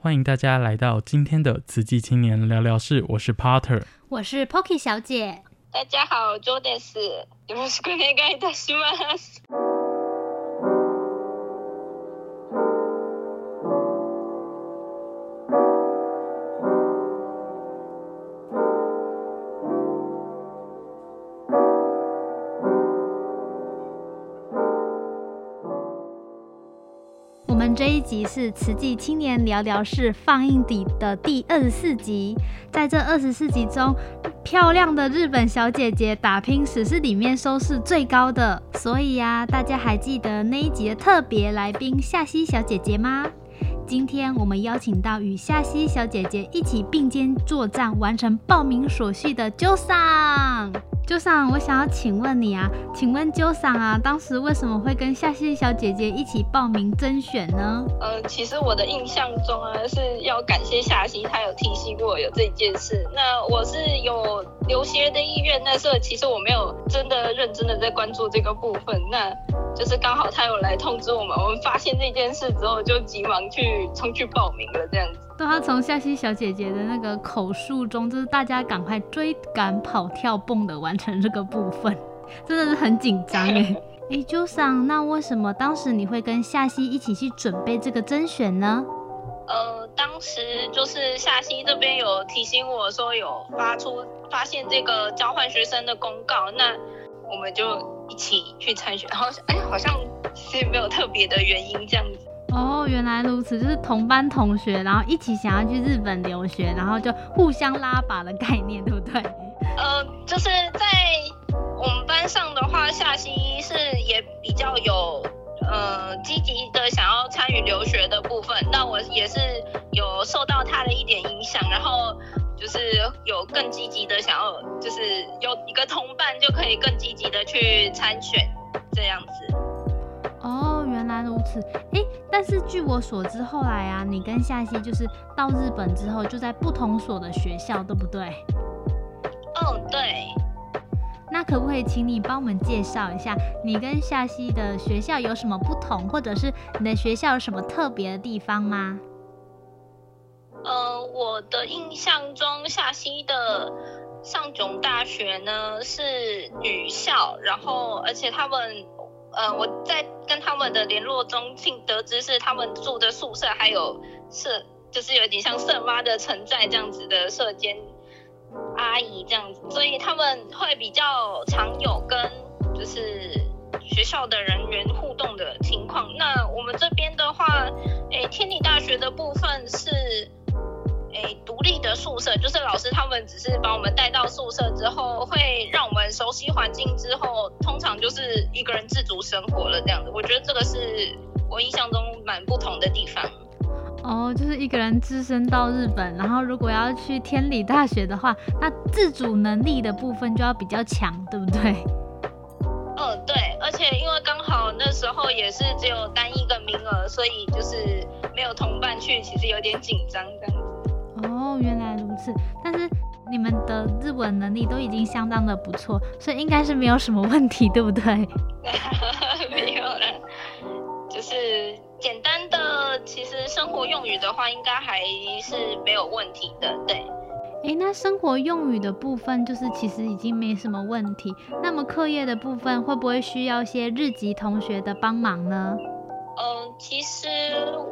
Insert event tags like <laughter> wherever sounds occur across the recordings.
歡迎大家來到今天的慈濟青年聊聊室，我是 Potter，我是 Pokey 小姐，大家好 Jo です這一集是《慈濟青年聊聊室》放映底的第二十四集。在這二十四集中，漂亮的日本小姐姐打拼史是裡面收視最高的。所以呀、啊，大家還記得那一集的特別來賓夏西小姐姐嗎？今天我們邀請到與夏希小姐姐一起並肩作戰，完成報名所需的 Jo さん。Jo さん，我想要請問你啊，請問 Jo さん啊，當時為什麼會跟夏希小姐姐一起報名甄選呢？呃，其實我的印象中啊，是要感謝夏希她有提醒過我有這件事。那我是有留學的意願，那時候其實我沒有真的認真的在關注這個部分。那就是剛好他有來通知我們，我們發現這件事之後就急忙去衝去報名了，這樣子。都要從夏西小姐姐的那個口述中，就是大家趕快追趕跑跳蹦的完成這個部分，真的是很緊張哎。哎，Jo さん，那為什麼當時你會跟夏西一起去準備這個甄選呢？呃，當時就是夏西這邊有提醒我說有發出發現這個交換學生的公告，那。我們就一起去參選，然後哎、欸，好像是沒有特別的原因這樣子哦。原來如此，就是同班同學，然後一起想要去日本留學，然後就互相拉拔的概念，對不對？呃，就是在我們班上的話，夏希是也比較有呃積極的想要參與留學的部分，那我也是有受到他的一點影響，然後。就是有更積極的想要，就是有一個同伴就可以更積極的去參選，這樣子。哦，原來如此。哎，但是據我所知，後來啊，你跟夏西就是到日本之後，就在不同所的學校，對不對？哦，對。那可不可以請你幫我們介紹一下，你跟夏西的學校有什麼不同，或者是你的學校有什麼特別的地方嗎？我的印象中，夏希的尚絅大學呢是女校，然後而且他們，呃，我在跟他們的聯絡中聽得知，是他們住的宿舍還有社，就是有點像舍媽的存在這樣子的舍監阿姨這樣子，所以他們會比較常有跟就是學校的人員互動的情況。那我們這邊的話，誒、欸，天理大學的部分是。獨立的宿舍，就是老師他們只是把我們帶到宿舍之後，會讓我們熟悉環境之後，通常就是一個人自主生活了這樣子。我覺得這個是我印象中蠻不同的地方。哦，就是一個人置身到日本，然後如果要去天理大學的話，那自主能力的部分就要比較強，對不對？嗯，對。而且因為剛好那時候也是只有單一個名額，所以就是沒有同伴去，其實有點緊張這樣子。哦，原來如此。但是你們的日文能力都已經相當的不錯，所以應該是沒有什麼問題，對不對？ <laughs> 沒有了，就是簡單的，其實生活用語的話，應該還是沒有問題的。對。哎，那生活用語的部分，就是其實已經沒什麼問題。那麼課業的部分，會不會需要一些日籍同學的幫忙呢？嗯、呃，其實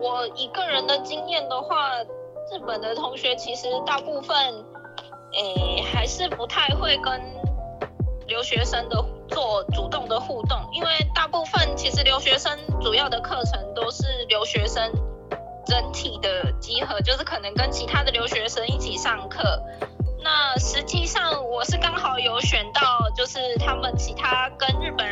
我一個人的經驗的話。日本的同學其實大部分，誒、欸，還是不太會跟留學生的做主動的互動，因為大部分其實留學生主要的課程都是留學生整體的集合，就是可能跟其他的留學生一起上課。那實際上我是剛好有選到，就是他們其他跟日本。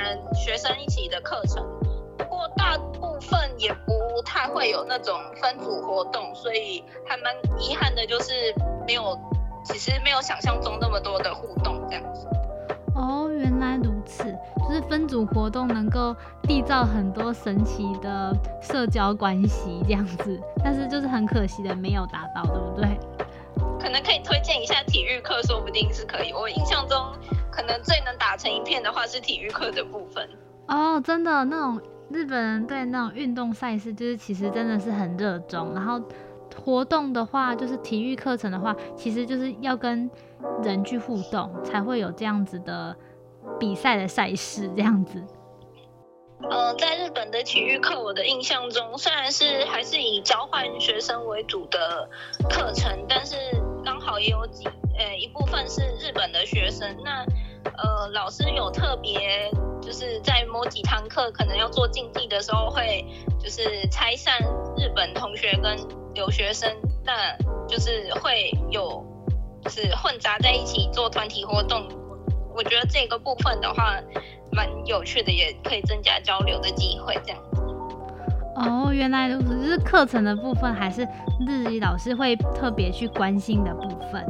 有那種分組活動，所以還蠻遺憾的，就是沒有，其實沒有想象中那麼多的互動這樣子。哦，原來如此，就是分組活動能夠締造很多神奇的社交關係這樣子，但是就是很可惜的沒有達到，對不對？可能可以推薦一下體育課，說不定是可以。我印象中可能最能打成一片的話是體育課的部分。哦，真的那種。日本人對那種運動賽事就是其實真的是很熱衷，然後活動的話就是體育課程的話，其實就是要跟人去互動，才會有這樣子的比賽的賽事這樣子。嗯、呃，在日本的體育課，我的印象中雖然是還是以交換學生為主的課程，但是剛好也有幾呃、欸、一部分是日本的學生那。呃，老師有特別就是在某幾堂課，可能要做競技的時候，會就是拆散日本同學跟留學生，但就是會有就是混雜在一起做團體活動。我覺得這個部分的話，蠻有趣的，也可以增加交流的機會。這樣子。哦，原來如此，是課程的部分，還是自己老師會特別去關心的部分。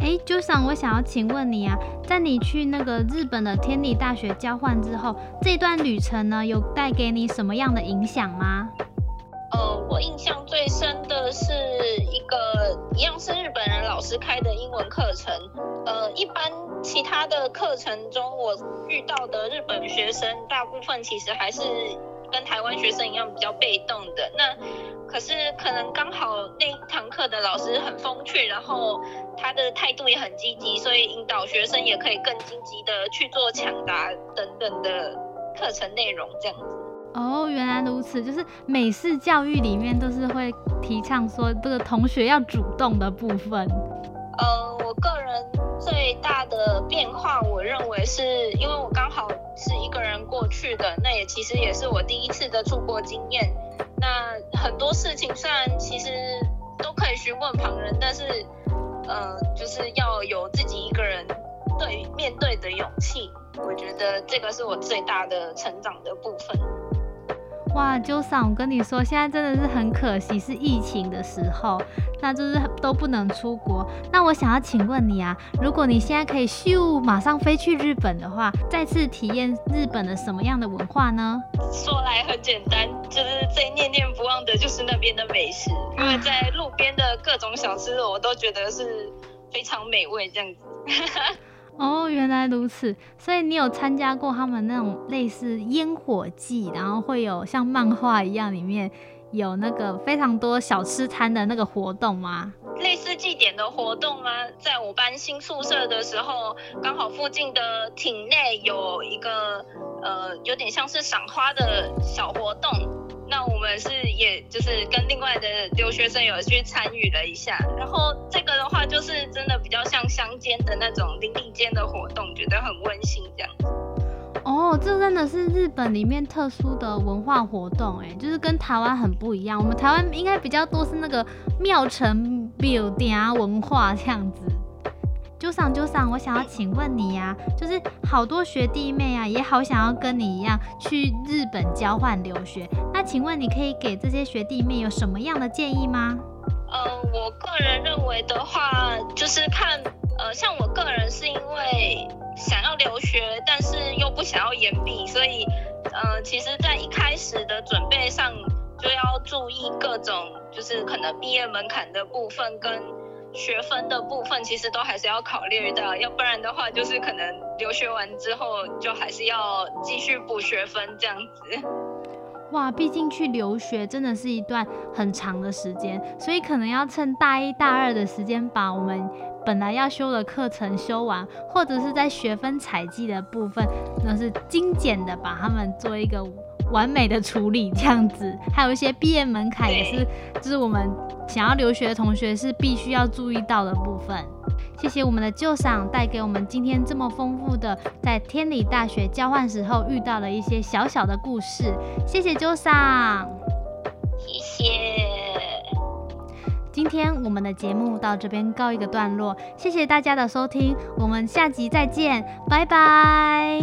哎、欸，Jo 桑，我想要請問你啊，在你去那個日本的天理大學交換之後，這段旅程呢，有帶給你什麼樣的影響嗎？呃，我印象最深的是一個一樣是日本人老師開的英文課程。呃，一般其他的課程中，我遇到的日本學生大部分其實還是。跟台灣學生一樣比較被動的，那可是可能剛好那一堂課的老師很風趣，然後他的態度也很積極，所以引導學生也可以更積極地去做搶答等等的課程內容這樣子。哦，原來如此，就是美式教育裡面都是會提倡說這個同學要主動的部分。呃，我個人最大的變化，我認為是因為我剛好。是一個人過去的，那也其實也是我第一次的出國經驗。那很多事情雖然其實都可以詢問旁人，但是，嗯、呃，就是要有自己一個人對面對的勇氣。我覺得這個是我最大的成長的部分。哇，Jo さん，我跟你說，現在真的是很可惜，是疫情的時候，那就是都不能出國。那我想要請問你啊，如果你現在可以咻馬上飛去日本的話，再次體驗日本的什麼樣的文化呢？說來很簡單，就是最念念不忘的就是那邊的美食，因為在路邊的各種小吃，我都覺得是非常美味，這樣子。 <laughs> 哦，原來如此，所以你有參加過他們那種類似煙火祭，然後會有像漫畫一樣裡面。有那個非常多小吃攤的那個活動嗎？類似祭典的活動嗎、啊？在我搬新宿舍的時候，剛好附近的町內有一個呃，有點像是賞花的小活動。那我們是也就是跟另外的留學生有去參與了一下。然後這個的話，就是真的比較像鄉間的那種鄰里間的活動，覺得很溫。哦、喔，這真的是日本裡面特殊的文化活動哎、欸，就是跟台灣很不一樣。我們台灣應該比較多是那個廟城 building 啊文化這樣子。 <music> Jo さん Jo さん，我想要請問你呀、啊，就是好多學弟妹啊也好想要跟你一樣去日本交換留學，那請問你可以給這些學弟妹有什麼樣的建議嗎？嗯、呃，我個人認為的話，就是看。呃，像我個人是因為想要留學，但是又不想要延畢，所以，呃，其實，在一開始的準備上就要注意各種，就是可能畢業門檻的部分跟學分的部分，其實都還是要考慮到，要不然的話，就是可能留學完之後就還是要繼續補學分這樣子。哇，畢竟去留學真的是一段很長的時間，所以可能要趁大一大二的時間把我們本來要修的課程修完，或者是在學分採集的部分，那、就是精簡的把它們做一個完美的處理，這樣子，還有一些畢業門檻也是，就是我們想要留學的同學是必須要注意到的部分。謝謝我們的 Jo さん，帶給我們今天這麼豐富的，在天理大學交換時候遇到了一些小小的故事。謝謝 Jo さん，謝謝。今天我們的節目到這邊告一個段落，謝謝大家的收聽，我們下集再見，拜拜。